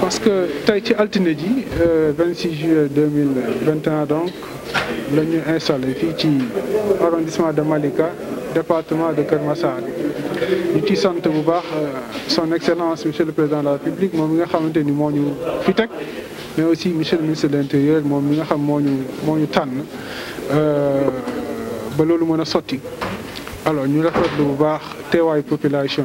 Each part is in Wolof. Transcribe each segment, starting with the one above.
parce que taïti Altinedi, 26 juillet 2021 donc la installé arrondissement de Malika département de Kermassade. Euh, son excellence monsieur le président de la République mais aussi M. le ministre de l'intérieur nga euh, alors population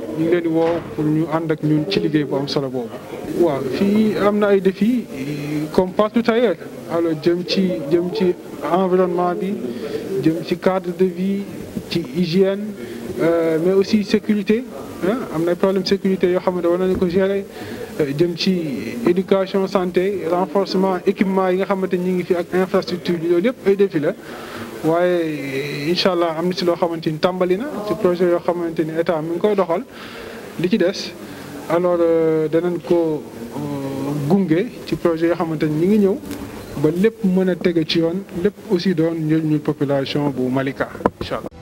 ñu ngi leen di woo pour ñu ànd ak ñun ci liggéey bu am solo boobu. waaw fii am na ay défis comme partout ailleurs alors jëm ci jëm ci environnement bi jëm ci cadre de vie ci hygiène euh, mais aussi sécurité. Ah, am na problème sécurité yoo xam ne war nañu ko gérer euh, jëm ci éducation santé renforcement équipement yi nga xamante ñi ngi fi ak infrastructure yi loolu yëpp ay défi la waaye euh, incha allah am na si loo xamante ni tàmbali na ci yoo xamante ni état mu ngi koy doxal li ci des alors euh, danañ ko gunge ci projet yoo xamante ni ñi ngi ñëw ba lépp mën a tege ci yoon lépp aussi doon ñu population bu Malika incha allah